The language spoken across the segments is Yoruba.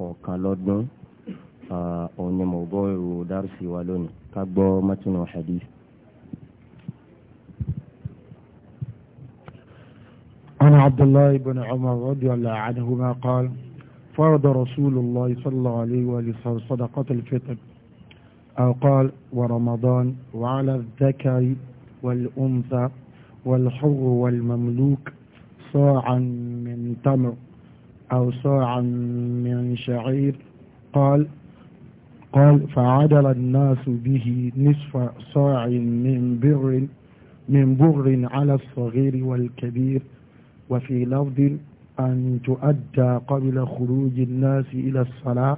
kọ̀ọ̀kan lọ́dún òun ni mo gbọ́ èrò dárúsì wa lónìí ká gbọ́ mọ́túnú hadith. عن عبد الله بن عمر رضي الله عنهما قال فرض رسول الله صلى الله عليه وسلم صدقة الفطر أو قال ورمضان وعلى الذكر والأنثى والحر والمملوك صاعا من تمر أو صاعا من شعير قال قال فعدل الناس به نصف صاع من بر من بر على الصغير والكبير وفي لفظ أن تؤدى قبل خروج الناس إلى الصلاة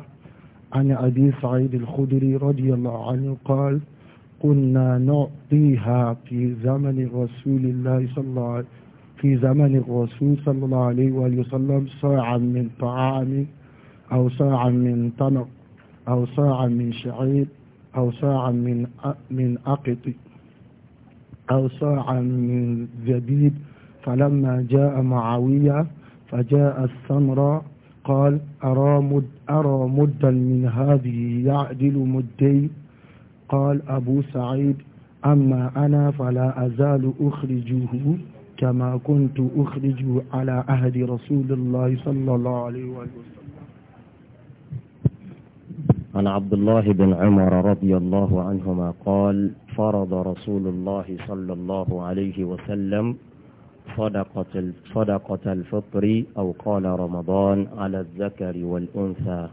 عن أبي سعيد الخدري رضي الله عنه قال كنا نعطيها في زمن رسول الله صلى الله عليه وسلم في زمن الرسول صلى الله عليه وآله وسلم صاعا من طعام أو صاعا من طنق أو صاعا من شعير أو صاعا من من أقط أو صاعا من زبيب فلما جاء معاوية فجاء الثمرة قال أرى, مد أرى مدا من هذه يعدل مدي قال أبو سعيد أما أنا فلا أزال أخرجه كما كنت أخرج على عهد رسول الله صلى الله عليه وسلم عن عبد الله بن عمر رضي الله عنهما قال فرض رسول الله صلى الله عليه وسلم صدقة صدقة الفطر أو قال رمضان على الذكر والأنثى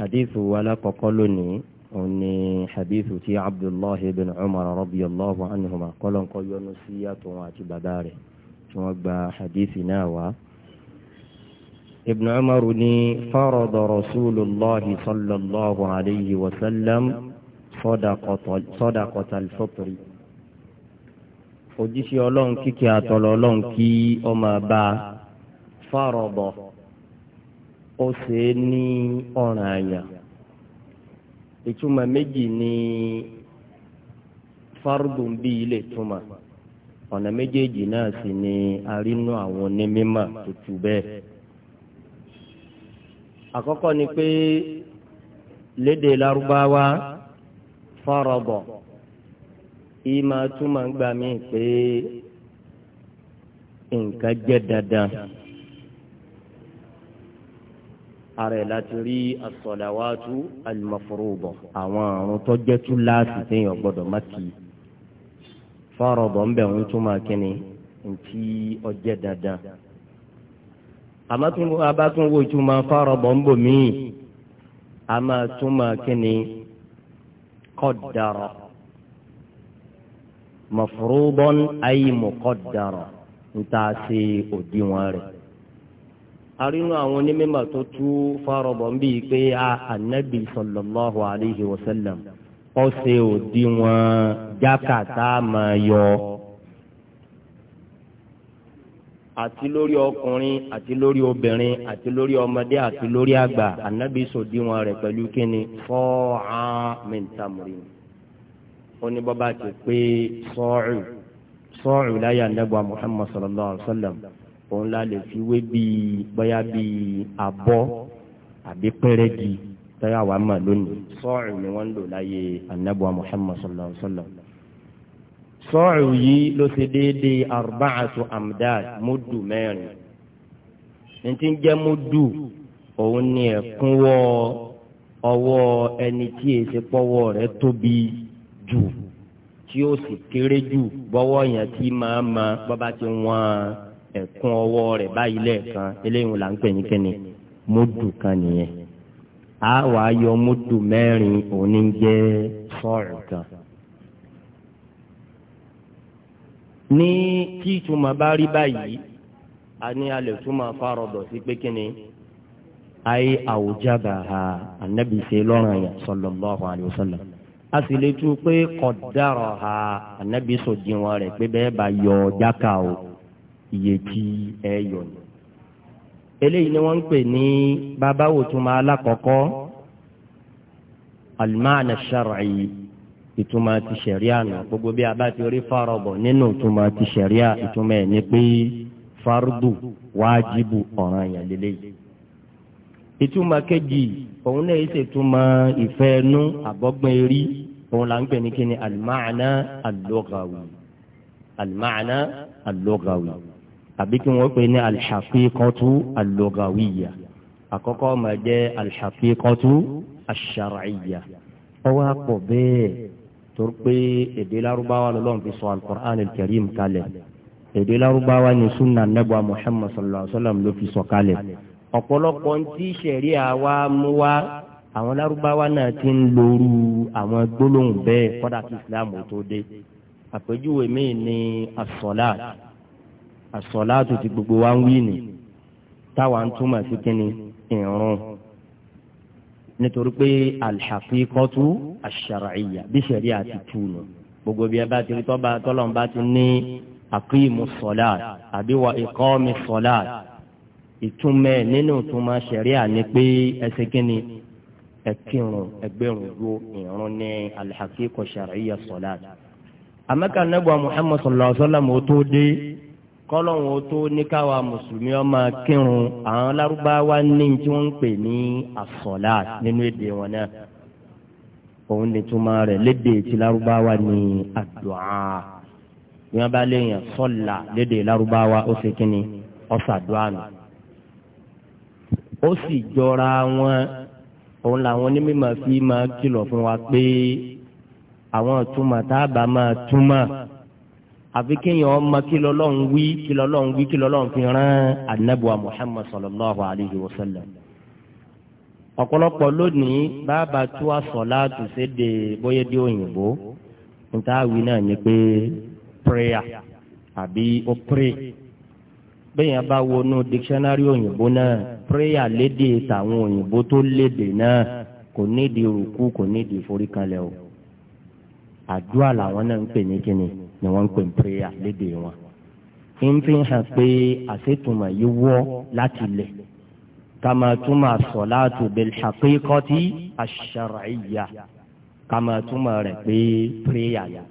حديث ولا قلني oni hadithu ti abdullahi bin umar radiyallahu anhuma kọlọn kọ yọ́nú sí yàtọ̀ wọn àti bàbá rẹ̀ tí wọ́n gba hadithi náà wá. ibn umar ni farada rasulullahi sallallahu alayhi wa sallam sadaqata al-fitri. òjíṣẹ́ ọlọ́run kíkẹ́ àtọ̀lọ́ ọlọ́run kí ọmọ farada ó ṣe é ní ọ̀ràn ìtumọ̀ méjì ni fardun bí ilé ìtumọ̀ ọ̀nà méjèèjì náà sì ni arínú àwọn onímọ̀ tuntun bẹ́ẹ̀. àkọ́kọ́ ni pé lédè lárúbáwá fọ́rọ̀bọ̀ ìmọ̀ túmọ̀ ń gbà mí pé nǹkan jẹ́ dandan ara ẹ̀ láti rí as-salawatu al-mafruḍah àwọn àrùn tó jẹ́ tú láti téèyàn gbọ́dọ̀ má kì í fárọ̀bọ̀ ń bẹ̀ ń tún máa kíni ntí ọjẹ́ dandan abátúnwó ìtumọ̀ fárọ̀bọ̀ ń bò míì a máa tún máa kíni qaddara mafruḍan ay muqaddara ń tà sí òdiwọ̀n rẹ̀ arínú àwọn onímọ̀ tó tú fárọ̀bọ̀ ń bíi pé a ànábì sallallahu alayhi wa sallam ọ̀sẹ̀ òdiwọ̀n jákàtà máa yọ. àti lórí ọkùnrin àti lórí obìnrin àti lórí ọmọdé àti lórí àgbà ànábì sòdiwọ̀n rẹ̀ pẹ̀lú kíni fọ́ọ̀á mẹ́ntàmùrì ó ní bọ́ ti pé sọ́ọ̀rù sọ́ọ̀rù láyà ànábì Muhammad sallallahu alayhi wa sallam òun la lè fi wé bíi bóyá bíi abọ́ àbí pẹ́rẹ́gì tẹ́yà wàá mà lónìí sọ́ọ̀rù ni wọ́n ń lò láyé anábọ̀ Muhammad sallallahu alaihi wa sallam sọ́ọ̀rù yìí ló ṣe déédéé arba'atu amdad múdù mẹ́rin ní ti ń jẹ́ múdù òun ni ẹ̀kúnwọ́ ọwọ́ ẹni tí èsì pọ́wọ́ rẹ̀ tóbi jù tí ó sì kéré jù bọ́wọ́ yẹn tí máa ma bọ́ba ti wọ́n a ẹ̀kún ọwọ́ rẹ̀ báyìí lẹ́ẹ̀kan eléyìí là ń pè ní kíni módù kan nìyẹn a wàá yọ módù mẹ́rin òun ní jẹ́ sọ́ọ̀rù kan. ní tí ìtumọ̀ bá rí báyìí a ní alẹ́ túmọ̀ fárọ̀dọ̀ sí pé kíni ayé àwùjábà ha anabi ṣe lọ́rùn yẹn sallallahu alaihi wasallam a sì lè tu pé kọ̀dárọ̀ ha anabi sọ̀dínwó rẹ̀ pé bẹ́ẹ̀ bá yọ jákà o iye tí ẹ yọ ni. eléyìí ni wọ́n ń pè ní babawo túmọ̀ alákọ̀ọ́kọ́ alimaana shar'i ìtumọ̀ ti sẹ̀ríà nù gbogbo bí a bá ti rí fárọ̀bọ̀ nínú ìtumọ̀ ti sẹ̀ríà ìtumọ̀ ẹ̀ ní pé fardu wájibu ọ̀ràn yẹn lélẹ́yìí. ìtumọ̀ kejì òun náà ṣe ìtumọ̀ ìfẹ́ ẹnu àbọ̀gbọ́n òun là ń pè ní kíni alimaana alughawi alimaana alughawi àbí kí wọ́n pè ní alṣàfíkọ́tú allogawiya àkọ́kọ́ máa jẹ́ alṣàfíkọ́tú aṣàràyà ọwọ́ àpọ̀ bẹ́ẹ̀ torí pé èdè lárúbáwá lọ́lọ́run fi sọ alukur'an alkarim kalẹ̀ èdè lárúbáwá ni sunna nebo muhammad sallallahu alaihi wa sallam ló fi sọ kalẹ̀ ọ̀pọ̀lọpọ̀ ń tí sẹ̀rí àwa mú wá àwọn lárúbáwá náà ti ń lóru àwọn gbólóhùn bẹ́ẹ̀ kọ́dà kí islam tó dé àpèjúwe míì ní asọ́láàtì àsọ̀láàtù ti gbogbo wa ń wí ni táwa ń túmọ̀ sí kínní ìrun nítorí pé alḥaqiqatu ash-shar'iyya bí sẹ̀rí àti túnu gbogbo bí ẹ bá ti rí tọ́ba tọ́lọ́n bá ti ní aqimu sọ̀láàt àbí wa iqami sọ̀láàt ìtumẹ̀ nínú ìtumọ̀ sẹ̀rí àní pé ẹsẹ̀ kínní ẹkírun ẹgbẹrun dúró ìrun ní alḥaqiqatu ash-shar'iyya sọ̀láàt. àmẹ́ka nẹ́bọ̀ Muhammad dé kọ́lọ́hún tó ní káwa mùsùlùmí ọmọ kírun àwọn lárúbáwá ní tí wọ́n ń pè ní àsọ̀lá nínú èdè wọn náà òun lè túmọ̀ rẹ̀ lédè tí lárúbáwá ní àdúà bí wọ́n bá léèyàn sọ́là lédè lárúbáwá ó ṣe kínní ọ̀sàdúà nù ó sì jọra wọn òun làwọn onímọ̀ fi máa kìlọ̀ fún wa pé àwọn ìtumọ̀ tá a bá máa túmọ̀ àfi kéèyàn ọmọ kí lọ́lọ́run wí kí lọ́lọ́run wí kí fi rán anabuwa muhammad sallallahu alayhi wa sallam ọ̀pọ̀lọpọ̀ lónìí bàbá tó a sọ láti ṣéde bóyá di òyìnbó níta wí náà ni pé prayer àbí ó pray bẹ́ẹ̀ yẹn bá wọnú dictionary òyìnbó náà prayer lédè tàwọn òyìnbó tó lédè náà kò nídìí rúkú kò nídìí foríkanlẹ̀ o àdúrà làwọn náà ń pè ní kíni ni wọ́n ń pè ní prayer lédè wọn. ń fi hàn pé àṣetùmọ̀ yìí wọ́ láti lẹ̀ kama túmọ̀ sọ̀láàtù bil haqiqati ash-shar'iyya kama túmọ̀ rẹ̀ pé prayer yà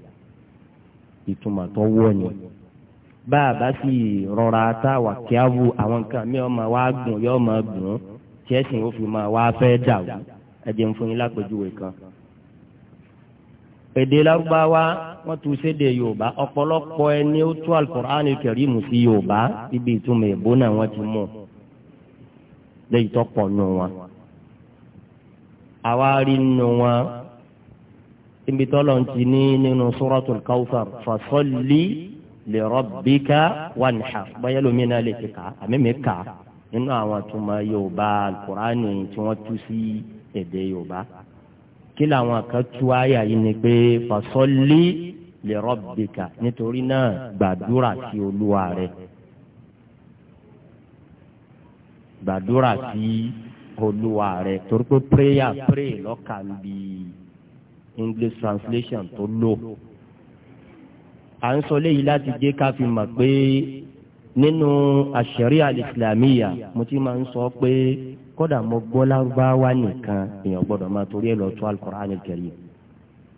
ìtumọ̀ tó wọ́ ni bá a bá sì rọra tá a wà kí á wu àwọn nǹkan mi ọmọ wa gùn yọ ọmọ gùn tí ẹ̀sìn ó fi máa wá fẹ́ dà wù ẹ jẹun fún yín lápèjúwe kan èdè lárúbáwá wọ́n tún sédè yorùbá ọ̀pọ̀lọpọ̀ ẹni ó tún alukur'an kẹrìmù sí yorùbá ibi ìtumọ̀ èbó náà wọ́n ti mú lẹ́yìn tó pọ̀ nù wọn. àwa rí nù wọn níbi tọ́lọ̀ ń ti ní nínú suratul kawthar fasalli li rabbika wanhar báyẹ̀ lómi náà lè ti kà á àmì mi kà á nínú àwọn àtúmọ̀ yorùbá alukur'an tí wọ́n tú sí èdè yorùbá. Kila làwọn kan tú àyà yìí ni pé fasọ́lì li rabbika nítorí náà gbàdúrà sí olúwa rẹ gbàdúrà sí olúwa rẹ torí pé prayer pray lọ́kàn bí English translation tó lò à ń sọ léyìí láti jẹ́ ká fi mọ̀ pé nínú àṣẹ̀rí al mo ti máa ń sọ pé kódà mo gbọ́ lárúbáwá nìkan èèyàn gbọ́dọ̀ máa torí ẹ̀ lọ tún Al-Qur'an al-Karim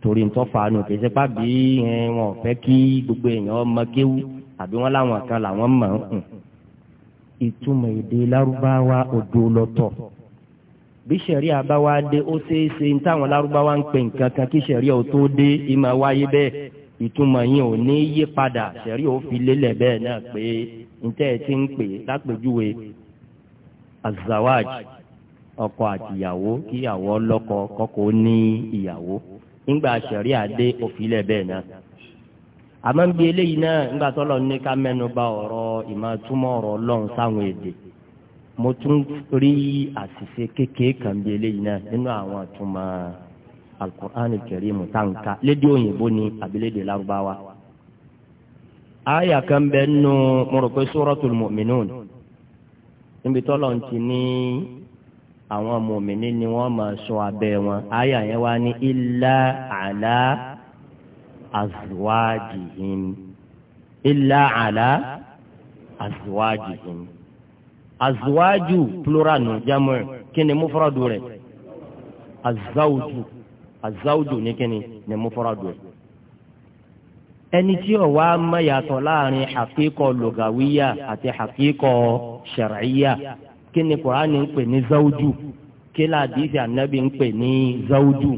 torí ntọ́fà nù kì í ṣe pa bí wọn ò fẹ́ kí gbogbo èèyàn ọmọ kéwú àbí wọn láwọn kan làwọn mọ̀ ń hùn ìtumọ̀ èdè lárúbáwá odò lọ́tọ̀ bí sẹ̀ríà bá wá dé ó ṣeé ṣe ní táwọn lárúbáwá ń pè nǹkan kan kí sẹ̀ríà ó tó dé ìmọ̀ wáyé bẹ́ẹ̀ ìtumọ̀ yín ò ní yí padà sẹ̀ríà ó fi lélẹ̀ bẹ́ẹ̀ náà pé ntẹ́ ẹ ti ń pè lápèjúwe azawaj ọkọ àtìyàwó kíyàwó ọlọ́kọ kọ́kọ́ ní ìyàwó nígbà sẹ̀rí adé òfìlẹ̀ bẹ́ẹ̀ náà àmọ́ bí eléyìí náà nígbà tó lọ ní ká mẹ́nu bà ọ̀rọ̀ ìmọ̀túmọ̀ ọ̀rọ̀ ọlọ́run sáwọn èdè mo tún rí àṣìṣe kékeré kan bí eléyìí náà nínú àwọn àtúmọ̀ alukur'an kẹrìm tànká lédè òyìnbó ni àbílédè lárúbáwá. àyà kan bẹ́ẹ̀ nù mo rò pé suratul mu'minun níbi tọ́lọ̀ ń ti ní àwọn mòmìnì ni wọ́n máa sọ abẹ́ wọn àyà yẹn wá ní illa ala azwajihim illa ala azwajihim azwaju plural nù jamu kí ni mufradu rẹ̀ azawju azawju ní kí ni ni mufradu rẹ̀ ẹni tí ó wá mọ yàtọ̀ láàrin hakíkọ lùgàwíyà àti hakíkọ ṣẹ̀rẹ̀yà kí ni kùránì ń pè ní záwùjú kí ládìsí ànábì ń pè ní záwùjú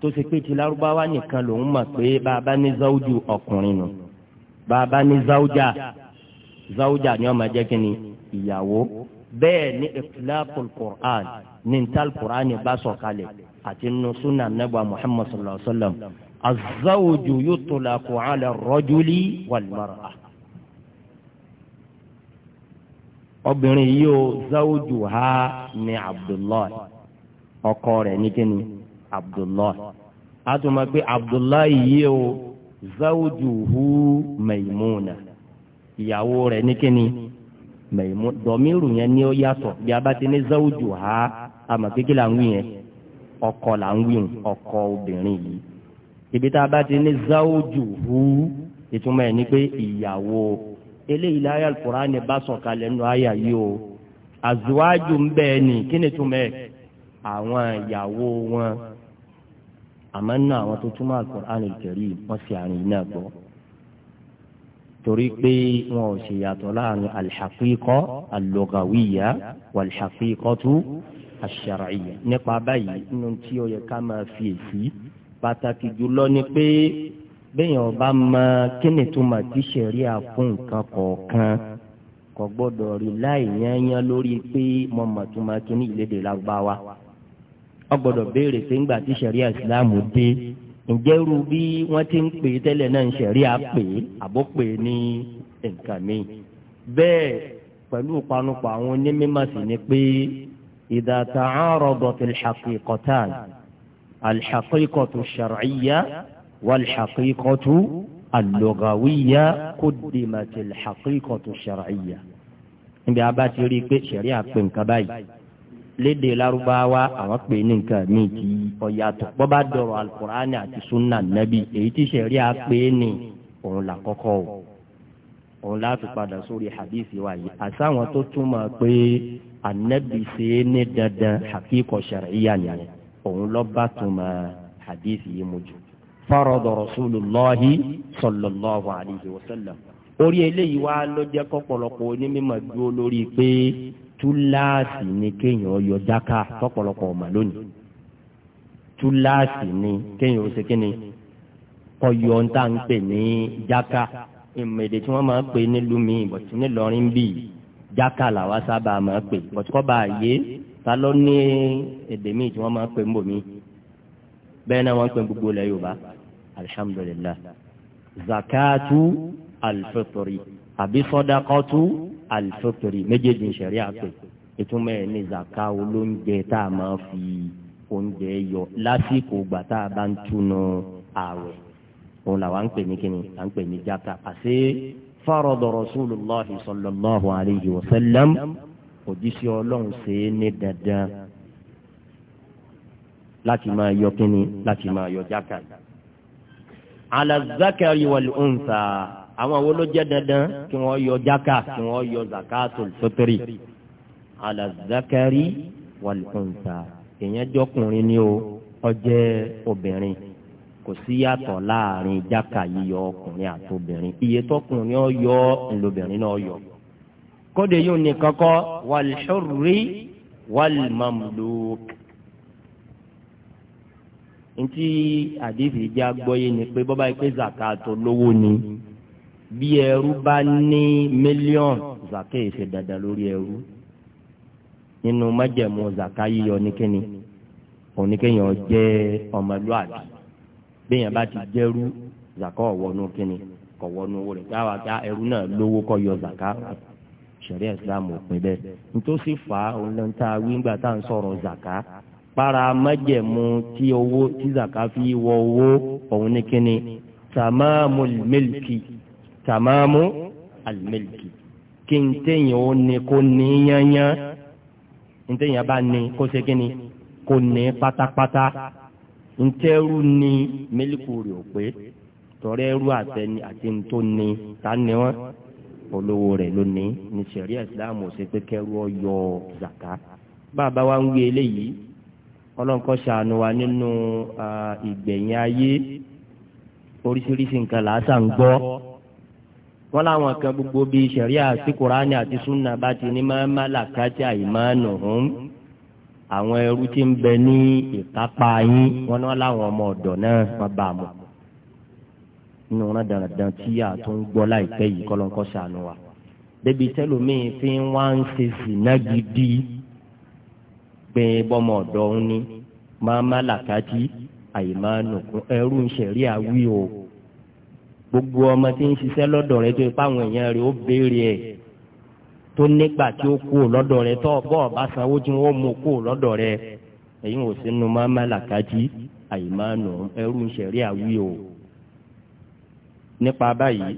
tó ṣe pé ti lárúbáwá nìkan lòún mọ̀ pé bàbá ní záwùjú ọkùnrin nù bàbá ní záwùjà záwùjà ni ó jẹ́ kí ìyàwó bẹ́ẹ̀ ni ìtìlápù kùránì ní ntàl kùránì bá sọ̀kalẹ̀ àti nusúnà nàbà muhammadu sallallahu alaihi wa sallam azawuju yutulaku ala rọjuli walimara obìnrin yìí o zawuju ha ni abdullahi ọkọ rẹ̀ ní kíni abdullahi a tún máa gbé abdullahi yìí o zawuju hu maimuna ìyàwó rẹ̀ ní kíni mẹ̀yìmú dọ̀míìrù yẹn ni ó yàtọ̀ bí a bá ti ní zawuju ha àmọ́ kékeré là ń wí yẹn ọkọ là ń wí ọkọ obìnrin yìí ibi tá a bá ti ní záwójú hu ìtumọ̀ ẹ̀ ní pé ìyàwó eléyìí láyà Al-Qur'ani bá sọ̀kalẹ̀ nù àyà yìí o àzùwájú ń bẹ́ẹ̀ ni kí ni túmọ̀ ẹ̀ àwọn ìyàwó wọn àmọ́ nínú àwọn tó túmọ̀ Al-Qur'ani al wọ́n sì àrùn yìí náà gbọ́ torí pé wọn ò ṣe yàtọ̀ láàrin al-haqiqa al-lughawiyya wal-haqiqatu ash nípa báyìí nínú tí ó yẹ ká máa fi èsì pàtàkì jùlọ ni pé bẹ́ẹ̀yàn ọba mọ kíni tó mà ti ṣẹ̀ríà fún nǹkan kọ̀ọ̀kan kò gbọ́dọ̀ rí láì yányán lórí pé mo mọ̀ tó máa kíní ìlédè lágbáwá ọ gbọ́dọ̀ béèrè pé ńgbà tí ṣẹ̀ríà ìsìláàmù dé ǹjẹ́ irú bí wọ́n ti ń pè é tẹ́lẹ̀ náà ń ṣẹ̀ríà pè àbó pè é ní nǹkan mi bẹ́ẹ̀ pẹ̀lú ìpanupọ̀ àwọn onímọ̀ sí ni pé ìdàtà àárọ̀ dọ̀tí ṣàfihàn alḥaqiqatu sharciya walḥaqiqatu alugawiya kudimati alḥaqiqatu sharciya. níbi a bá ti rí i pé sẹ̀rí àpè nǹkan báyìí léde Lárúbáwá àwọn pè ní nǹkan míì tí ọ̀yàtọ̀ bọ́ bá dọ̀rọ̀ alukur'ani àti sunna nabi èyí tí sẹ̀rí àpè ní òun là kọ́kọ́ o òun láti padà sórí hadith wa yìí àtàwọn tó túmọ̀ pé anabi ṣe é ní dandan hakíkọ̀ sẹ̀ríyà nìyẹn òun lọ bá tuma hadithi yìí mu jù farada rasulullahi sallallahu alayhi wa sallam orí eléyìí wá ló jẹ́ kọ́pọ̀lọpọ̀ onímọ̀ dúró lórí pé túláàsì ni kéèyàn yọ jáká kọ́pọ̀lọpọ̀ ọ̀mà lónìí túláàsì ni kéèyàn ó ṣe kí ni kọ́ yọ ń ń pè ní jáká ìmọ̀èdè tí wọ́n máa ń pè nílùú mi ìbọ̀tí nílọrin bíi jáká làwa sábà máa ń pè bọ̀tí kọ́ bá yé ta ló ní èdè míì tí wọ́n máa ń pè ń bò mí bẹ́ẹ̀ náà wọ́n ń pè gbogbo ilẹ̀ yorùbá alhamdulillah zakatu alfitri àbí sọdakọtu alfitri méjèèjì ń ṣẹ̀rí àpè ìtumọ̀ ẹ̀ ní zaka olóúnjẹ tá a máa fi oúnjẹ yọ lásìkò ìgbà tá a bá ń túnú ààwẹ̀ òun làwọn ń pè ní kíni à ń pè ní jaka àti farada rasulullahi sallallahu alayhi wa òjíṣẹ́ ọlọ́run ṣe é ní dandan láti máa yọ kínní láti máa yọ jákà. alazakari wàlú unsa àwọn wo ló jẹ́ dandan kí wọ́n yọ jákà kí wọ́n yọ zakatul fitri alazakari wàlú unsa èèyàn jọkùnrin ni o ọjẹ́ obìnrin kò sí yàtọ̀ láàrin jákà yíyọ ọkùnrin àti obìnrin iye tọkùnrin ọ yọ ńlọbìnrin náà yọ kóde yóò ní kankọ́ wàlhúrí wàlmàmlúk. ntí àdìsí jẹ́ agbọ́yé ni pé bọ́bá ìpè zakato lówó ni bí ẹrú bá ní mílíọ̀nù zaka èsè dada lórí ẹrú nínú májẹ̀mú zaka yíyọ níkíni oníkéèyàn jẹ́ ọmọlúwàbí béèyàn bá ti jẹ́rú zaka ọ̀wọ́nú kíni kọ̀wọ́nú owó rẹ̀ táwa ká ẹrú náà lówó kọ́ yọ zaka sẹ̀ríà islam ò pin bẹ́ẹ̀ nítòsí fà á tá a sọ̀rọ̀ zaka para májẹ̀mú tí owó tí zaka fi wọ owó òun ní kíni tàmáàmù mílìkì tàmáàmù àlìmílìkì kí n téèyàn ó ní kó ní yányán n téèyàn bá ní kó ṣe kíni kó ní pátápátá n ní mílìkù rè ó tọ́rẹ́rù àtẹni àti ntó ní ta olówó rẹ̀ lónìí ní sẹ̀ríà ìsìláàmù ṣe pé kẹ́rù ọyọ zaka bàbá wa ń wí eléyìí ọlọ́nkọ́ ṣàánú wa nínú ìgbẹ̀yìn ayé oríṣiríṣi nǹkan làásà ń gbọ́ wọ́n láwọn kan gbogbo bíi sẹ̀ríà tí kùránì àti súnà bá ti ní máa má làkàtì àìmánu hùn àwọn ẹrú tí ń bẹ ní ìkápá yín wọ́n náà láwọn ọmọ ọ̀dọ̀ náà wọ́n bá a mọ̀ nínú wọn dandan tí a tó ń gbọ́ láìpẹ́ yìí kọ́lọ́ńkọ́ sànù wa. débi tẹ́lómìn fi ń wá ń ṣe sìnà gidi pé bọ́mọ ọ̀dọ́ ń ní máa má làkàtì àyè máa nùkún ẹrú ń ṣẹ̀rí àwí o. gbogbo ọmọ tí ń ṣiṣẹ́ lọ́dọ̀ rẹ tó ipá àwọn èèyàn rẹ ó béèrè ẹ̀ tó nígbà tí ó kú lọ́dọ̀ rẹ tó bọ́ọ̀ bá sanwó tí wọ́n mú kú lọ́dọ̀ rẹ èyí ò sínú máa má làkàtì àyè máa nù ẹrú ń ṣẹ̀rí àwí o nípa báyìí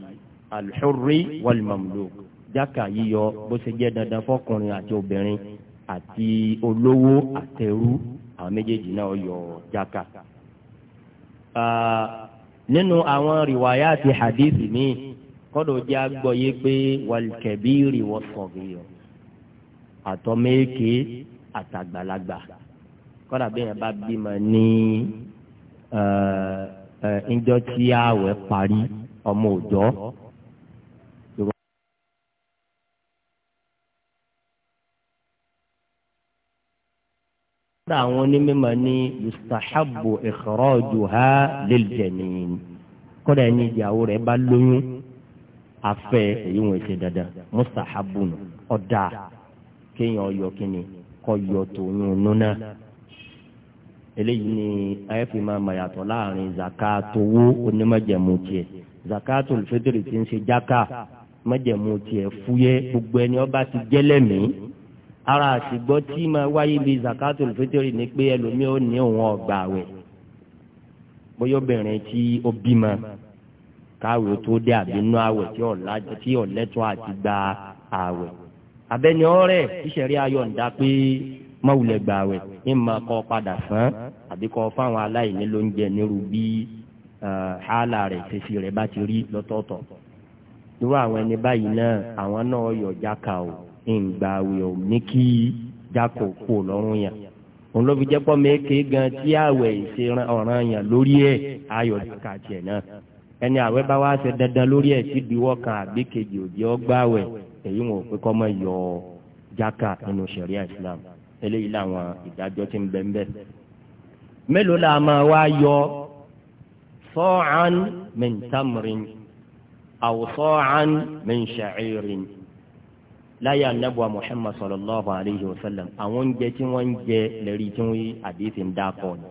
alḥurri walmamluk jáka yíyọ bó ṣe jẹ́ dandan fọkùnrin àti obìnrin àti olówó àtẹrú àwọn méjèèjì náà yọ jáka. nínú àwọn rìwáyà àti hadithi mi kọ́dọ̀ jẹ́ agbọ́yé pé wàlùkẹ́bírì wọ́n sọ̀rọ̀ àtọ́mẹ́kẹ́ àtàgbàlagbà kọ́dà bí yẹn bá bímọ ní ǹjọ́ tí ààwẹ̀ parí ọmọ òjọ́. kódà àwọn onímọ̀ ní yustahabu ikhrajuha lil janin kódà ẹni ìyàwó rẹ̀ bá lóyún afẹ́ èyí wọn ṣe dandan mustahabu nù ọ̀dà kéèyàn yọ kínní kọ́ yọ tòun núná eléyìí ni ayẹ́fì máa mọ̀ yàtọ̀ láàrin zaka onímọ̀jẹ̀mú tiẹ̀ zakatul fitiri ti ń ṣe jaka májẹ̀mú tiẹ̀ fúyẹ́ gbogbo ẹni ọba ti jẹ́lẹ̀mí ara àṣìgbọ́ tí máa wáyé bíi zakatul fitiri ni pé ẹlòmíì ò ní òun ọgbà wẹ̀ bóyá obìnrin tí ó bímọ káwé tó dé àbínú àwẹ̀ tí ọ̀lẹ́tọ̀ àti gba àwẹ̀ abẹ́ni ọ̀rẹ́ ìṣẹ̀rí ayọ̀ pé mọ̀wùlẹ̀ gbà wẹ̀ ní ma kọ́ padà fún àbíkọ́ fáwọn aláìní ló ń jẹ nírú bíi hálà rẹ̀ tẹ̀sí rẹ̀ bá ti rí lọ́tọ̀ọ̀tọ̀ irú àwọn ẹni báyìí náà àwọn náà yọ jáka o ìgbà àwẹ̀ ò ní kí jákò kó lọ́rùn yàn òun ló fi jẹ́ pọ́ méke gan tí àwẹ̀ ìṣe ọ̀ràn yàn lórí ẹ̀ ayọ̀ jáka tiẹ̀ náà ẹni àwẹ̀ bá wá ṣe dandan lórí ẹ̀ tí diwọ́ kan àbí kejì òjì ọgbà àwẹ̀ èyí wọn ò pé kọ́ mọ́ yọ jáka nínú sẹ̀ríà Islam eléyìí làwọn ìdájọ́ ti ń bẹ́ńbẹ́ mélòó la máa wá yọ صاعا من تمر أو صاعا من شعير láyé anábọ̀ muhammad sallallahu alayhi wa sallam àwọn oúnjẹ tí wọ́n ń jẹ lẹ́rí tí wọ́n àdéhìí ń dákọ̀ ni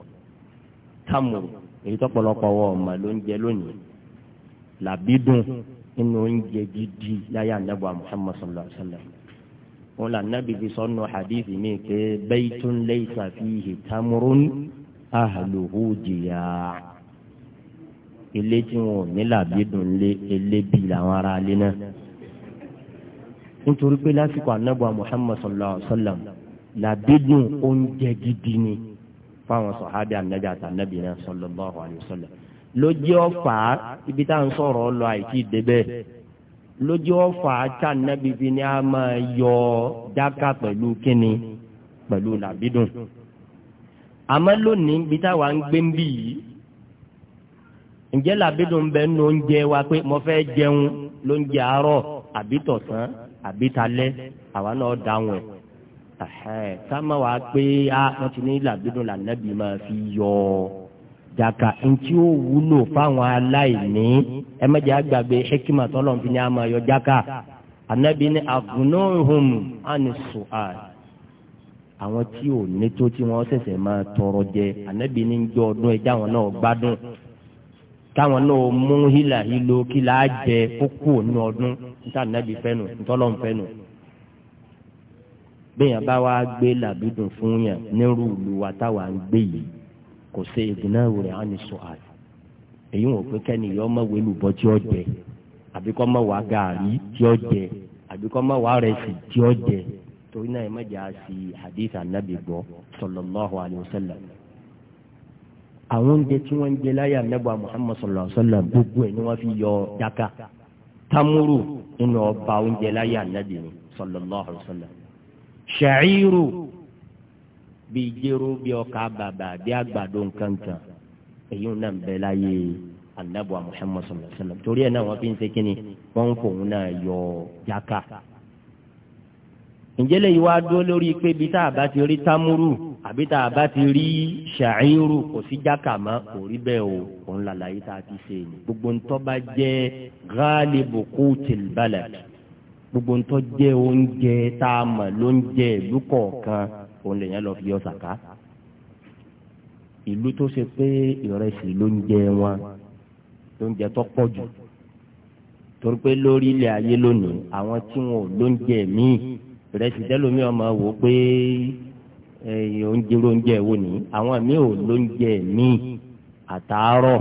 tamuru èyí tọ́pọ̀lọpọ̀ wọ ọ̀mà ló ń jẹ lónìí làbídùn nínú oúnjẹ gidi láyé anábọ̀ muhammad sallallahu alayhi wa sallam wọn là nábì fi sọnù hadithi mi pé baytun laysa fihi tamurun ahluhu jìyà ilé tí wọn ò ní làbí dùn lé elébi làwọn ará ilé náà nítorí pé lásìkò anábọ̀ Muhammad sallallahu alaihi wa sallam làbí dùn oúnjẹ gidi ni fáwọn sọ̀hábì anábì àti anábì náà sallallahu alaihi wa sallam lójú ọ̀fà ibi tá à ń sọ̀rọ̀ ọ lọ àìsí ìdébẹ̀ lójú ọ̀fà tá nábì fi ni a máa yọ dáká pẹ̀lú kíni pẹ̀lú làbí dùn àmọ́ lónìí ibi táwa ń gbé ń bì yìí ǹjẹ́ làbídùn bẹ nínú wa pé mo fẹ́ jẹun lóúnjẹ àárọ̀ àbí tọ̀sán àbí talẹ́ àwa náà dáhùn ẹ̀ ká má wàá pé a wọ́n ti ní làbídùn lànàbí máa fi yọ jàkà ntí ó wúlò fáwọn aláìní ẹ mẹ́jẹ̀ àgbàgbé hekima tọ́lọ̀ fi ní a máa yọ jàkà na ní agunohum anisual àwọn tí ò ní tó tí wọ́n ṣẹ̀ṣẹ̀ máa tọrọ jẹ ànábì ní jọ ọdún ẹja wọn náà gbádùn. káwọn náà mú hílà ìlò kí jẹ kókó ní ọdún níta nàbí fẹnu ntọ́lọ́n fẹnu. bá wá gbé làbídùn fún ya nírú ìlú wa táwa ń gbé yìí kò ṣe ìdùnnà rẹ̀ á ní sọ àlè. èyí wọn pé kẹ́ni ìyá ọmọ wẹ̀lú bọ́ tí ó jẹ àbí kọ́ wá gàárì tí ó jẹ àbí kọ́ wá rẹsì jẹ torí náà sí hadith anabi gbọ́ àwọn oúnjẹ tí wọ́n ń jẹ láyé ànábì Muhammad sallallahu alaihi wasallam gbogbo ẹ̀ ni wọ́n fi yọ jaka tamuru nínú ọba oúnjẹ láyé ànábì ni sallallahu alaihi wasallam ṣàìrù bí jéró bí ọkà bàbà bí àgbàdo nkankan èyí náà ń bẹ láyé ànábì Muhammad sallallahu alaihi torí ẹ̀ náà wọ́n fi ń ṣe kínni wọ́n ń fòun náà yọ jaka ǹjẹ́ lè wá dúró lórí pé bí tá a bá ti rí tamuru àbí tá a bá ti rí ṣàìrù kò sí jákà mọ́ kò rí bẹ́ẹ̀ o òun làlàyé tá a ti ṣe ni gbogbo ntọ́ bá jẹ́ ghalibu qutil balad gbogbo ntọ́ jẹ́ oúnjẹ tá a mọ̀ ló ìlú kọ̀ọ̀kan òun lèyàn lọ fi ọ̀sà ká ìlú tó ṣe pé ìrẹsì ló wọn ló tó pọ̀ jù torí pé lórí ilẹ̀ ayé lónìí àwọn tí wọn ò ló míì ìrẹsì tẹ́lómi ọmọ wò pé oúnjẹ oúnjẹ wo ni àwọn mi ò lóúnjẹ mi àtàárọ̀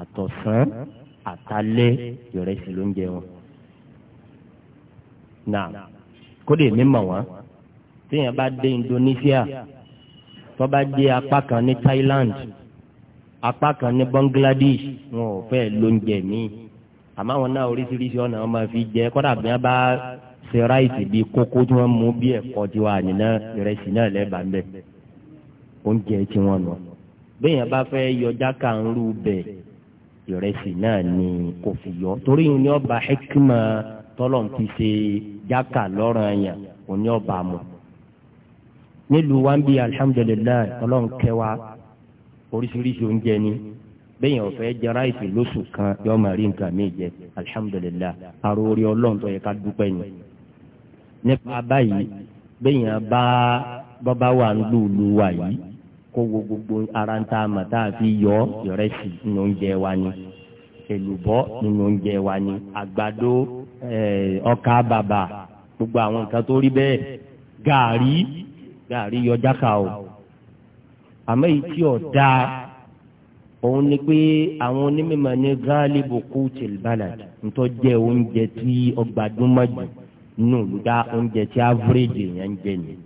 àtọ̀sán àtàlẹ́ ìrẹsì lóúnjẹ wọn. nà kódé mi mọ̀ wọ́n téèyàn bá dé Indonesia tó bá dé apá kan ní Thailand apá kan ní Bangladesh wọn ò fẹ́ lóúnjẹ mi àmọ́ àwọn náà oríṣiríṣi ọ̀nà wọn máa fi jẹ kódà bí wọ́n bá ṣe ráìsì bíi kókó tí wọ́n mú bí ẹ̀kọ́ tí wọ́n àníná ìrẹsì náà lẹ́bàá ń bẹ̀ oúnjẹ tí wọ́n nù. béèyàn bá fẹ́ yọ jáka ń rú bẹ̀ ìrẹsì náà ni kò fi yọ torí ní ọba hekima tọ́lọ̀ ti ṣe jáka lọ́rùn ẹ̀yàn òní ọba mọ̀. nílùú wa ń bí alihamudulilayi ọlọ́run kẹwa oríṣiríṣi oúnjẹ ni bẹ́yìn ọ̀fẹ́ jẹ ráìsì lóṣù kan yọ máa rí nǹkan mi jẹ alihamudulilayi aróore ọlọ́run tó yẹ ká dúpẹ́ yìí nípa báyìí bẹ́yìn bá bọ́bá wà lùlù wà yìí kó wo gbogbo ara ń ta àmà tá yọ ìrẹsì nínú oúnjẹ wa ni èlùbọ́ nínú oúnjẹ wa ni àgbàdo eh, ọkà bàbà gbogbo àwọn nǹkan tó rí bẹ́ẹ̀ gàárì gàárì yọ jáka o àmọ́ èyí tí ò dáa òun ni pé àwọn onímọ̀ ní gáálíbù kú tìlbàlà ntọ́ jẹ́ oúnjẹ tí ọgbàdúnmọ̀ jù nù lùdá oúnjẹ tí áfúrẹ́jì yẹn ń jẹ nìyẹn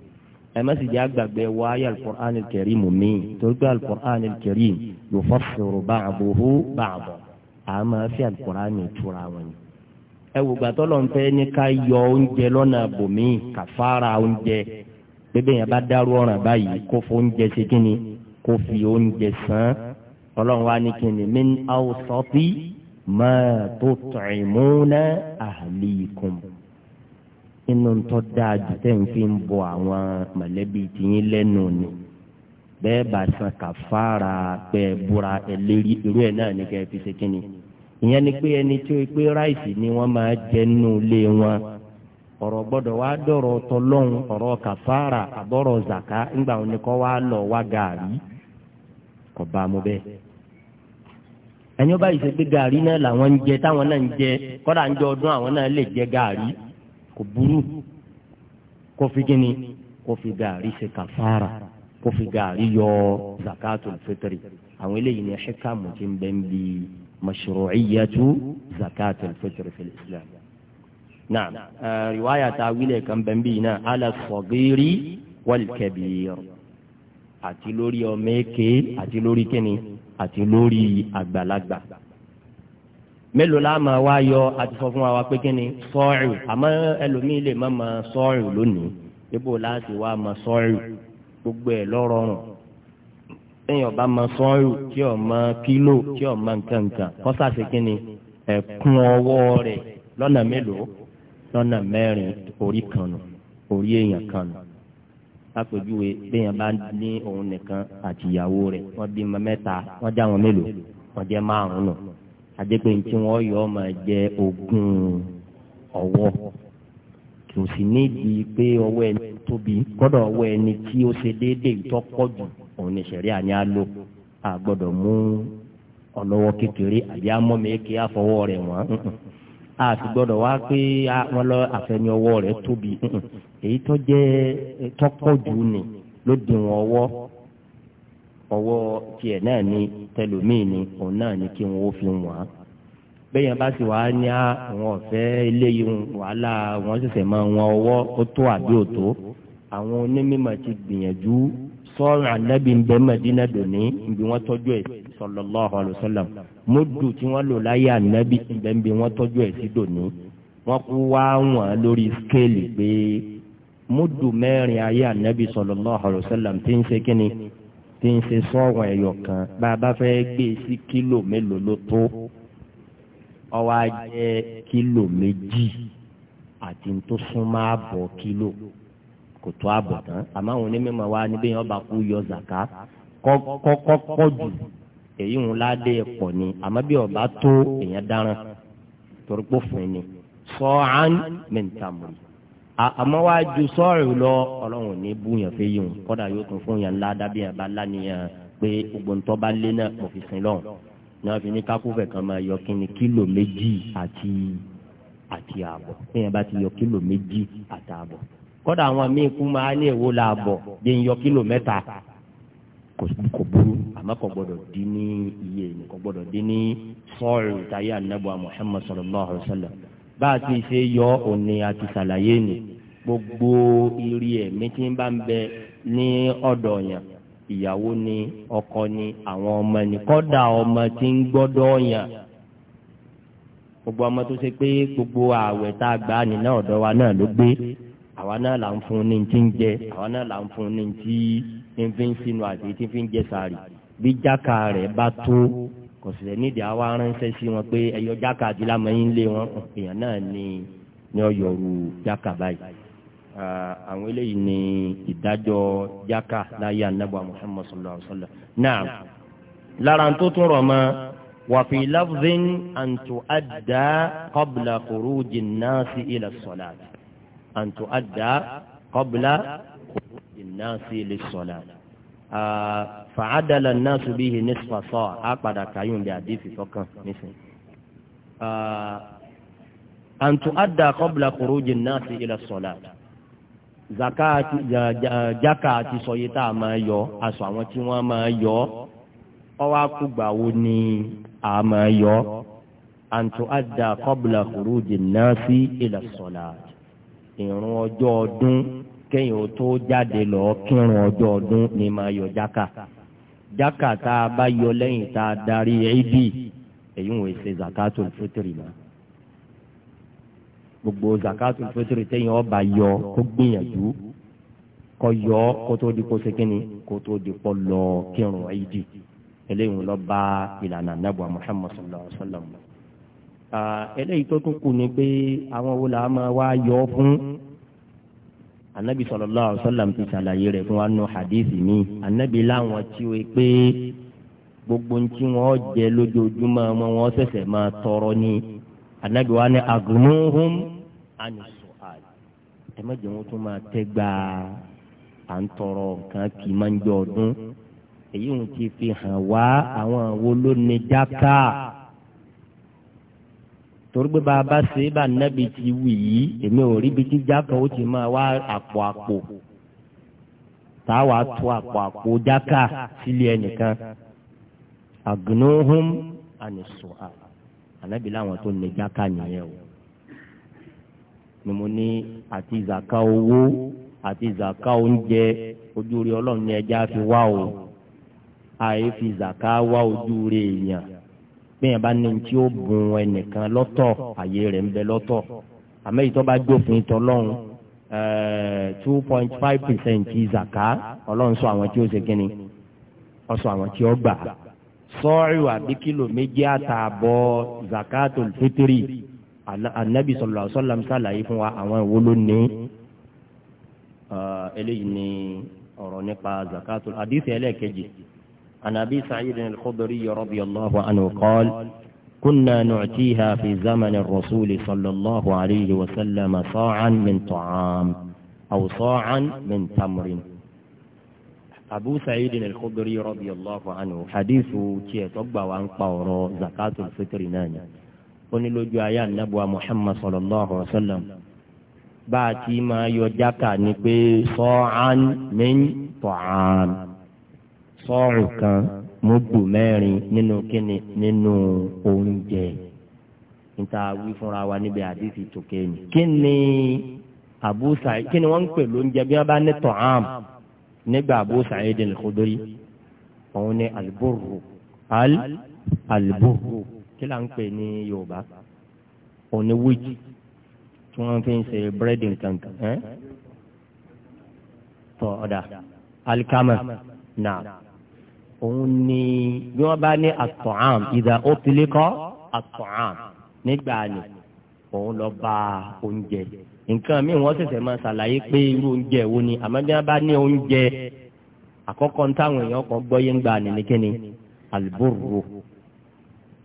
ẹ̀mẹ́sìdì àgbàgbé wa ayé alukur'an kẹrìm mi torí pé alukur'an kẹrìm yóò fọ́ sọ̀rọ̀ báàbòhó báàbò àmọ́ fi alukur'an tura wọn. ẹ wò gbàtọ́ lọ fẹ́ ní ká yọ oúnjẹ lọ́nà bòmí ká fara oúnjẹ bébè yẹn bá dárú ọ̀ràn báyìí kó fọ oúnjẹ sí kíni kó fi oúnjẹ sàn ọlọ́run wa ní kíni min awsati ma tut'imuna ahlikum inú tó dáa jù tẹ́ ń bọ àwọn mọ̀lẹ́bí ni bẹ́ẹ̀ bá san kàfàrà pé búra irú ẹ̀ náà ní kẹ́ fi ṣe kínni ìyẹn ni pé ẹni tí ó ni wọ́n máa jẹ nínú wọn ọ̀rọ̀ gbọ́dọ̀ wá dọ̀rọ̀ tọlọ́hún ọ̀rọ̀ kàfàrà àbọ̀rọ̀ zàká ni kọ́ wá lọ wá gàrí bẹ́ẹ̀ ẹni ó làwọn ń jẹ táwọn náà ń jẹ àwọn náà lè jẹ gàrí kò burú kó fi gíní kó fi gàrí ṣe kàfàrà kó fi gàrí yọ zakatul fitri àwọn eléyìí ni xikamu ti ń bẹ ń bi mashruciyatu zakatul fitri fi islam. naam riwaaya ta wílẹ̀ kan bẹ ń ala sọ̀gírí wàlkẹ́bìrì àti lórí ọmọ àti lórí kíni àti lórí àgbàlagbà mélòó la máa wá yọ àti sọ fún wa pé kí ni sọ́ọ̀rù àmọ́ ẹlòmíì lè má máa sọ́ọ̀rù lónìí débò láti wá máa sọ́ọ̀rù gbogbo ẹ̀ lọ́rọ̀rùn èèyàn bá máa sọ́ọ̀rù tí ò kílò tí ò mọ nǹkankan kọ́sà kí ni ẹ̀kún ọwọ́ rẹ̀ lọ́nà mélòó lọ́nà mẹ́rin orí kan nù orí èèyàn kan nù lápèjúwe béèyàn bá ní òun nìkan àtìyàwó rẹ̀ wọ́n bí mọ mẹ́ta wọ́n já wọn mélòó adépe ntí wọn yọ ọmọ jẹ ogún ọwọ́ kò sì níbi pé ọwọ́ ẹni tóbi gbọ́dọ̀ ọwọ́ ẹni tí ó ṣe déédéé ìtọ́pọ̀ jù òun ní sẹ̀rí àní á lò á mú ọlọ́wọ́ kékeré àbí amọ́mẹ́kẹ́ àfọwọ́ rẹ̀ wọ́n a sì gbọ́dọ̀ wá pé wọ́n lọ àfẹ́ni ọwọ́ rẹ̀ tóbi èyí tó jẹ́ tọ́pọ̀ jù ni ló dì wọ́n ọwọ́ ọwọ́ tiẹ̀ náà ni tẹlómìn ni òun náà ni kí wọ́n fi wọ́n bẹ́ẹ̀ yẹn bá sì wá ní àwọn ah, ọ̀fẹ́ eléyìí wàhálà wọn ṣẹ̀ṣẹ̀ máa wọn ọwọ́ ó tó àbí ò tó àwọn onímọ̀ ti gbìyànjú sọ́ọ̀rùn anábì ń bẹ mẹ́dínà dòní ibi wọ́n tọ́jú ẹ̀ sallallahu alaihi wasallam mọ́dù tí wọ́n lò láyé anábì ń bẹ ibi wọ́n tọ́jú ẹ̀ sí dòní wọ́n kú wá wọ̀n lórí skéèlì pé mọ́dù mẹ́rin ayé anábì sallallahu alaihi wasallam ti ń ṣe kínni tí ń ṣe sọ́wọ́n ẹ̀yọ̀ kan bá a bá fẹ́ gbé e sí kílò mélòó ló tó ọwọ́ á jẹ́ kílò méjì àti tó súnmọ́ àbọ̀ kílò kò tó àbọ̀ tán àmọ́ àwọn onímọ̀ wa níbẹ̀ yẹn ọba kú yọ zàká kọ́kọ́ jù èyí ń ládé pọ̀ ni àmọ́ bí ọba tó èèyàn dáràn torí pé òfin ni sọ́ọ́án mẹ́ntàmùrì àmọ́ wá ju sọ́ọ̀rù lọ ọlọ́run ò ní bú yàn fẹ́ yìí kọ́dà yóò tún fún yàn ńlá dábì yàn bá lánìyàn pé ògbóǹtọ́ bá lé náà mo fi sin lọ́hùn ni wọ́n fi ní kákúfẹ̀ kan máa yọ kíni kílò méjì àti àti ààbọ̀ kéèyàn bá ti yọ kílò méjì àtààbọ̀ kọ́dà àwọn míín kú máa ní èwo la àbọ̀ bí n yọ kílò mẹ́ta kò burú àmọ́ kò gbọ́dọ̀ dín ní iye kò gbọ́dọ̀ dín ní sọ́ọ̀rù táyé bá a ti ṣe yọ òní àti ṣàlàyé ni gbogbo irí ẹ̀mí tí ń bá ń bẹ ní ọ̀dọ̀ yàn ìyàwó ni ọkọ ni àwọn ọmọ ni kọ́dà ọmọ tí ń gbọ́dọ̀ yàn gbogbo ọmọ tó ṣe pé gbogbo ààwẹ̀ tá a gbà nínú ọ̀dọ̀ wa náà ló gbé àwa náà là ń fún ní ti ń jẹ àwa náà là ń fún ní ti ń fi ń sinú àti ti fi ń jẹ sàárì bí jákà rẹ̀ bá tó kò sì nídìí àwa ránṣẹ́ sí wọn pé ẹ̀yọ jáka àti lámẹ́yìn lé wọn èèyàn náà ní ní ọ̀yọ̀rù jáka báyìí. àwọn eléyìí ní ìdájọ́ jáka láyé anábọ̀ Muhammad sallallahu alaihi wasallam. náà lára tó tún rọ̀ mọ́ wàfi lafzin an tu'adda qabla khuruji nnaasi ila ssalat an tu'adda qabla khuruji nnaasi lis salat fàádàlà náà tó bí ní sọ̀sọ̀ á padà káyọ̀ bí àdéhùn fọ́kàn nísìn. àǹtò àdà kọ́bùlà kòrójì náà sí ilẹ̀ sọ̀lá jáka àti sọyí tá a máa yọ aṣọ àwọn tí wọ́n máa yọ ọwọ́ àkúgbà wo ni a máa yọ àǹtò àdà kọ́bùlà kòrójì náà sí ilẹ̀ sọ̀lá ìrún ọjọ́ ọdún kéèyàn tó jáde lọ kírun ọjọ́ ọdún ni máa yọ jáka jáka tá a bá yọ lẹ́yìn tá a darí ẹ̀ẹ́dì èyí ń wò ṣe zakatul fitri náà gbogbo zakatul fitri téèyàn ọba yọ kó gbìyànjú kó yọ kó tó di kó sekínì kó tó di kó lọ kírun ẹ̀ẹ́dì eléyìí lọ bá ìlànà anábọ̀ Muhammad sallallahu alaihi wa sallam eléyìí tó tún kù ni pé àwọn wo la máa wá yọ fún anabi sallallahu alaihi wasallam ti ṣàlàyé rẹ̀ fún wa nù hadithi mi anabi láwọn tí o pé gbogbo ntí wọn jẹ lójoojúmọ́ wọn wọn ṣẹ̀ṣẹ̀ máa tọrọ ni anabi wa ni agnuhum anisu ali ẹ má jẹ wọn tún máa tẹ gbàá à ń tọrọ nǹkan kì í máa ń jẹ ọdún èyí ń ti fi hàn wá àwọn wo ní dáká torí pé bàbá ṣe é bá nábì ti wì yìí èmi ò rí ibi tí jákà ó ti máa wá àpò àpò táwa tó àpò àpò jákà sílé ẹnìkan agnohum anisu a anabi láwọn tó lè jákà nìyẹn o ni mo ní àti zaka owó àti zaka oúnjẹ ojú rí ọlọ́run ní ẹja fi wá o àyè fi zaka wá ojú rí èèyàn bẹ́ẹ̀ bá ní tí ó bùn ẹnìkan lọ́tọ̀ àyè rẹ̀ ń bẹ lọ́tọ̀ àmọ́ èyí tó bá gbófin tọ́lọ́run eh, two point five percent ti zaka ọlọ́run sọ àwọn tí ó ṣe kínni ọ sọ àwọn tí ó gbà á sọ́ọ̀rì àbí kìlò méjì àtààbọ̀ zakatul fitiri anabi sọlọ sọlọm ṣàlàyé fún wa àwọn ìwo ló ní eh, eléyìí ni ọ̀rọ̀ nípa zakatul hadith ẹlẹ́ẹ̀kejì. عن أبي سعيد الخضري رضي الله عنه قال كنا نعتيها في زمن الرسول صلى الله عليه وسلم صاعا من طعام أو صاعا من تمر أبو سعيد الخضري رضي الله عنه حديث تيتوبا وان قورو زكاة الفطر ناني onílójú ayé anabuwa muhammad sallallahu alaihi wa sallam bá a ti máa yọ jáka ni sọ́ọ̀rù kan mọ́gbù mẹ́rin nínú kíni nínú oúnjẹ níta wí fúnra wa níbi àdìsí tòkè ni. kí ni Abu Sa'id kí ni wọ́n ń pè lóúnjẹ bí wọ́n bá ní tọ̀hám nígbà Abu Sa'id al òun ni alburru al alburru kí là ń pè ní Yorùbá òun ni wíjì tí wọ́n fi ń ṣe búrẹ́dì nǹkankan tọ́ ọ̀dà alikama náà òun ni bí wọ́n bá ní àtọ̀hán ìdá ó tilé kọ́ àtọ̀hán nígbà ni òun lọ bá oúnjẹ nǹkan míì wọ́n ṣẹ̀ṣẹ̀ máa ṣàlàyé pé irú oúnjẹ wo ni àmọ́ bí wọ́n bá ní oúnjẹ àkọ́kọ́ ń táwọn èèyàn kan gbọ́ yé ń gbà nìkíni alburu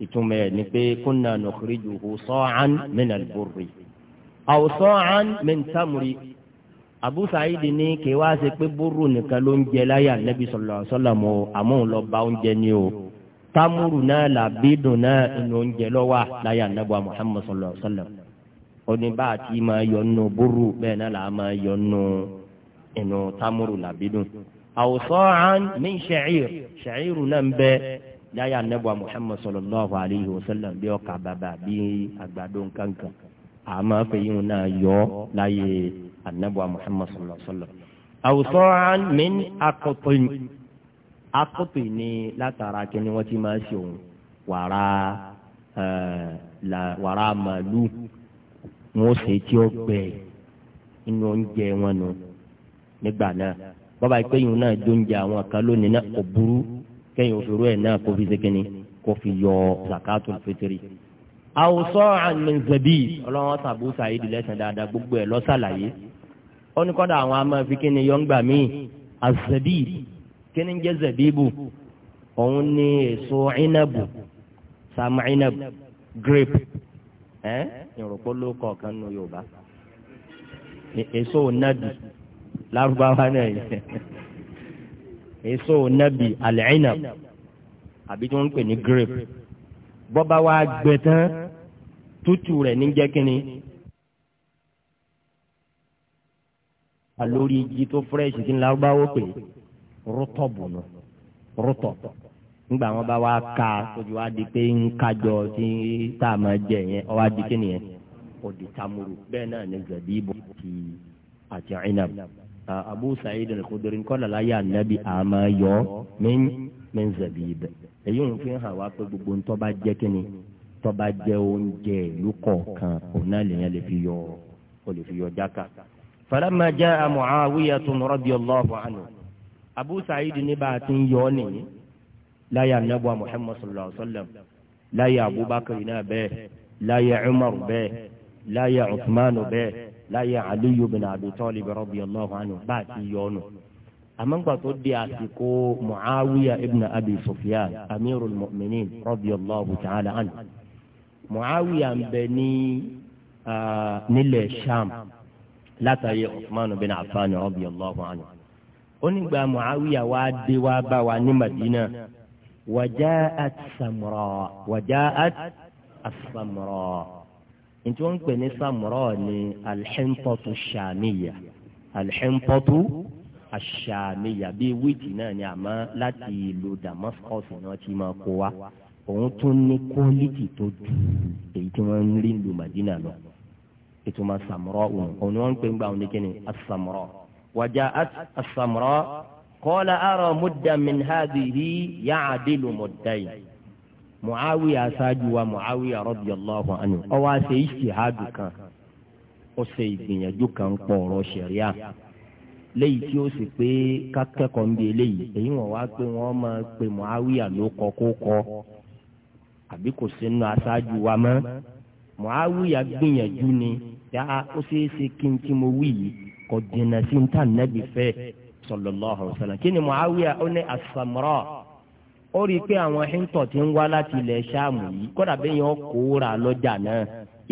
ìtumọ̀ ẹ̀ ni pé kunna nukhrijuhu sa'an min alburu aw sa'an min tamri abu sa'id ní kí wá ṣe pé búrú nìkan ló ń jẹ láyà nẹ́bí sallallahu alaihi wasallam o àmọ́ òun lọ bá oúnjẹ ní o tamuru náà làbí dùn náà inú oúnjẹ lọ́wọ́ láyà nẹ́bí muhammad sallallahu alaihi wasallam oníbà tí máa yọ nù búrú bẹ́ẹ̀ náà làá máa yọ nù inú tamuru làbí dùn. awsa'an min sha'ir sha'ir náà ń bẹ láyà nẹ́bí muhammad sallallahu alaihi wasallam bí ọkà bàbà bí àgbàdo nkankan àmọ́ anabuwa محمد صلى الله عليه وسلم àwùsọ̀ràn mi ní أقطن akọ̀tìn ni látara kí وراء wọ́n لا وراء ṣe òun wàrà eh, wàrà màlúù wọn ṣe tí ó gbẹ inú oúnjẹ wọn nù nígbà náà bọ́ba ìpè yìí náà dóúnjẹ àwọn kan lónìí náà kò burú kẹ́yìn òṣèré ẹ̀ náà kò fi ṣe kínní kò fi yọ zakatul fitiri àwùsọ̀ràn mi zabi ọlọ́wọ́n sàbúsà yìí di lẹ́sìn dáadáa gbogbo ẹ̀ lọ́sàlàyé ó ní kọ́dà àwọn a fi kíni yọ̀ǹgbà míì kíni jẹ́ zabibu òun ní èso inabu sam inabu grape ẹ ìrùpọ̀lọ́ kọ̀ọ̀kan nù Yorùbá èso lárúbáwá náà èso al-inab àbí tí wọ́n ń pè ní grape bọ́ba wa gbẹ tán tútù rẹ̀ ní lórí igi tó fresh kí n lárúbáwó pé rútọ̀ bùnú rútọ̀ nígbà wọn bá wá ka ojú wa di pé ń kájọ tí tá a máa jẹ yẹn ọ wá kí nìyẹn òdì tamuru bẹ́ẹ̀ náà ni gbẹ̀bí bò ti àti ẹ̀nà abu sa'id al-khudri kọ́lá láyé anabi àmà yọ min min zabib èyí ń fi hàn wá pé gbogbo ntọ́ bá jẹ́ kí ni tọ́ bá jẹ́ oúnjẹ ìlú kọ̀ọ̀kan òun náà lèyàn lè fi yọ ọ lè fi yọ jáka falamma jaa Muawiyatun radiyallahu anhu Abu Sa'id ní bá a ti ń yọ ọ́ nìyí láyé anabuwa Muhammad sallallahu alaihi wa sallam láyé Abubakar náà bẹ́ẹ̀ láyé Umar bẹ́ẹ̀ láyé Uthman bẹ́ẹ̀ láyé Aliyu bin Abi Talib radiyallahu anhu bá a ti yọ ọ́ nù amangba tó di àsìkò muawiya ibn abi sufyan amirul mu'minin radiyallahu ta'ala anhu muawiya ń bẹ ní ah, nílẹ̀ sham látàrí Usman bin Affan radiyallahu anhu. onígbà Muawiya wa dé wa bá wa ní Madina waja'at Samra waja'at as-Samra ntí wọ́n ń pè ní Samra ní al-hintatu ash-shamiyya al bíi wíìtì náà ni àmọ́ láti ìlú Damascus ni wọ́n ti máa kó wa òun tún ní kọ́lítì tó ju èyí tí wọ́n ń rí ìlú Madina lọ. No ìtumọ̀ sàmúrọ̀ wọn òun wọn ń pè ń gbà wọn ní kíni asàmúrọ̀ wàjà asàmúrọ̀ kọ́lá àrò mudda min hadhihi ya'dilu muddayn muawiya aṣáájú wa muawiya radiyallahu anhu ọwọ́ àṣẹ ìṣìhádù kan ó ṣe ìgbìyànjú kan pọ̀ ọ̀rọ̀ ṣẹ̀ríà léyìí tí ó sì pé kákẹ́kọ̀ọ́ ń bi eléyìí èyí wọ́n wá pé wọ́n máa pe muawiya ló kọ kó kọ àbí kò sínú aṣáájú wa mọ́ muawiya gbìyànjú ni yá ó ṣeé ṣe kí n tí mo wí yìí kò dènà sí n tà nẹ́bi fẹ́ sallallahu alaihi wasallam kí ni Muawiya ó ní asamra ó rí i pé àwọn hìntọ̀ ti ń wá láti ilẹ̀ ṣáàmù yìí kódà bẹ́ẹ̀ yẹn kó ra lọ́jà náà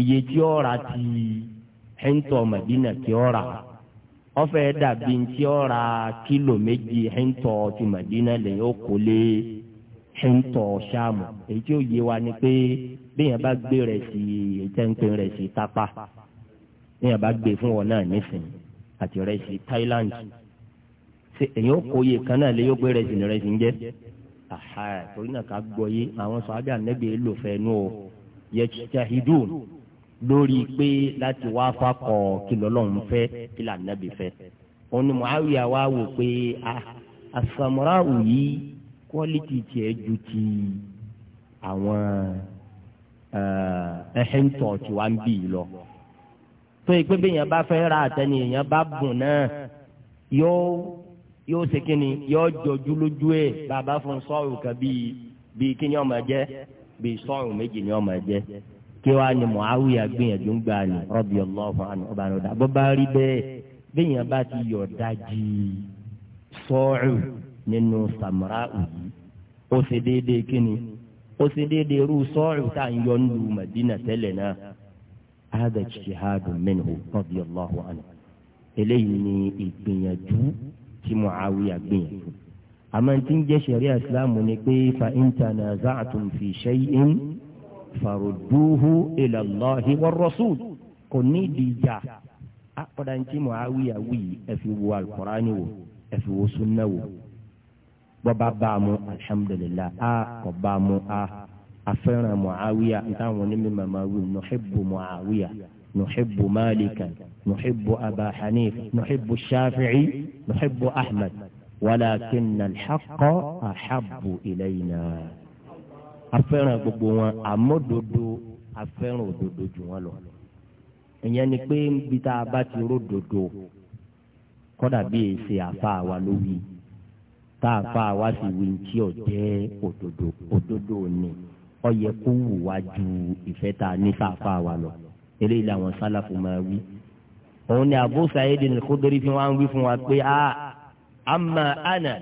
iye tí ó ra ti hìntọ̀ Madina tí ó ra ọfẹ dàbí ntí ó ra kílò méjì hìntọ̀ ti Madina lẹ́yìn ó kó lé hìntọ̀ ṣáàmù èyí tí ó yé wa ni pé bẹ́ẹ̀ yẹn bá gbé rẹ̀ sí èyí ń pè rẹ̀ sí tápá níyàn bá gbé fún wọn náà nísìnyí àti rẹsì Thailand ṣe èyàn ó kóye kan náà lè yóò gbé rẹsì ní rẹsì ń jẹ àhà torí náà ká gbọ́ yé àwọn sọ̀rọ̀ ànẹ́gbè lò fẹ́nu o yẹ jahidu lórí pé láti wá fakọ̀ kìlọ̀ lọ́hùn fẹ́ kìlọ̀ ànẹ́bì fẹ́ òun Muawiya wá wò pé àsàmúrà òyì kọ́lítì tiẹ̀ ju ti àwọn ẹ̀hẹ́ntọ̀ tiwa ń bì lọ tó yẹ pé bẹ́yàn bá fẹ́ ra àtẹni èèyàn bá bùn náà yóò yóò ṣe kí ni yóò jọjú lójú ẹ̀ bàbá fún sọ́ọ̀rù kan bíi bíi kí ni ọmọ jẹ́ bíi sọ́ọ̀rù méjì ni ọmọ jẹ́ kí wàá ní Muawiya gbìyànjú ń gbà ní radiyallahu anhu ọba ní ọ̀dà bó bá rí bẹ́ẹ̀ bẹ́yàn bá ti yọ̀ dájì sọ́ọ̀rù nínú samara òyì ó ṣe déédéé kí ni ó ṣe déédéé irú sọ́ọ̀rù tá à ń yọ ń Madina tẹ́lẹ̀ náà. هذا اجتهاد منه رضي الله عنه eléyìí ni ìgbìyànjú tí Muawiya gbìyànjú àmọ́ tí ń jẹ́ sẹ̀ríà islam ni pé fa in tanaza'tum fi shay'in farudduhu ila Allahi war rasul kò ní ìdíjà akọ̀dà tí Muawiya wí ẹ fi wo alukurani wo ẹ fi wo sunna wo bọ́ bá bá a mú alhamdulillah a kò bá a mú a afẹ́ràn muawiya táwọn onímọ̀ máa wí nuhibbu muawiya nuhibbu malika nuhibbu aba hanifa nuhibbu shafi'i nuhibbu ahmed walakinna alhaqqa ahabbu ilayna. afẹ́ràn gbogbo wọn àmọ́dodo afẹ́ràn òdodo jù wọn lọ. ìyẹn ni pé níbi tá a bá ti ródodo kọ́dà bí èsì àfa ló wí tá àfa àwa sì wí tí ò jẹ́ òdodo òdodo ni ọyẹ kó wù wá ju ìfẹ́ ta ní fàáfàá wa lọ eléyìí làwọn sálàfù máa wí. òun ni Abu Sa'id al-Khudri fi wá ń wí fún wa pé a amma ana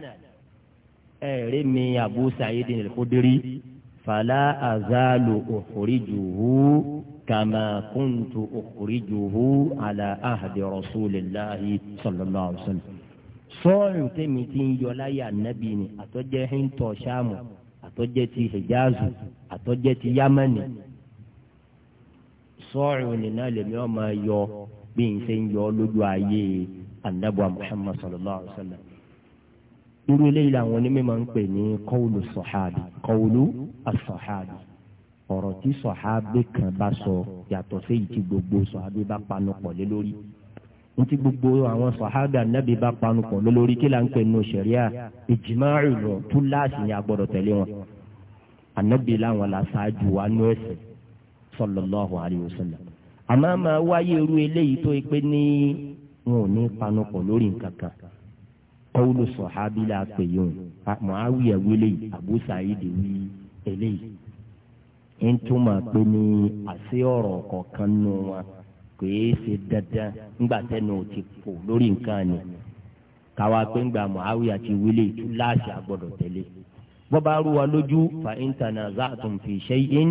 ẹ̀rí mi Abu Sa'id al-Khudri fala azalu ukhrijuhu kama kuntu ukhrijuhu ala ahdi rasulillahi sallallahu alaihi wasallam. sọ́ọ̀rù tèmi ti ń yọ láyà nábì ni àtọ́jẹ́ ń ṣáàmù àtọ́jẹ́ ti hijazu àtọ́jẹ́ ti yamani sọ́ọ̀rù nínú àlẹ́mí ọmọ yọ bí n ṣe ń yọ lójú ayé anabu muhammad sallallahu alayhi wa sallam irú eléyìí làwọn onímọ̀ máa ń pè ní kọ́wùlù sọ̀háàbì kọ́wùlù asọ̀háàbì ọ̀rọ̀ tí sọ̀háàbì kan bá sọ yàtọ̀ sí èyí gbogbo sọ̀háàbì bá panu pọ̀ lé lórí ntí gbogbo àwọn sàhábà nàbí bá panupọ̀ lólórí kí là ń pè nù sẹ̀ríà ìjìmáàrì lọ túláàsì ni a gbọ́dọ̀ tẹ̀lé wọn. ànábì làwọn la ṣáájú wa nú ẹ̀sìn sallallahu alayhi wa sallam. àmọ́ máa wáyé irú eléyìí tó yẹ pé ní wọn ò ní panupọ̀ lórí nǹkan kan. qawlu sàhábì la pè yóò Muawiya wílé Abu Sa'id wí eléyìí. ń túmọ̀ pé ní àṣẹ ọ̀rọ̀ kọ̀ọ̀kan nù wọn kìí ṣe dandan ńgbà tẹnu ò ti kò lórí nǹkan ni káwa pé ńgbà Muawiya ti wílé ìtú láàṣà gbọdọ̀ tẹ̀lé bọ́ba lójú fa in tanaza'tum fi shay'in.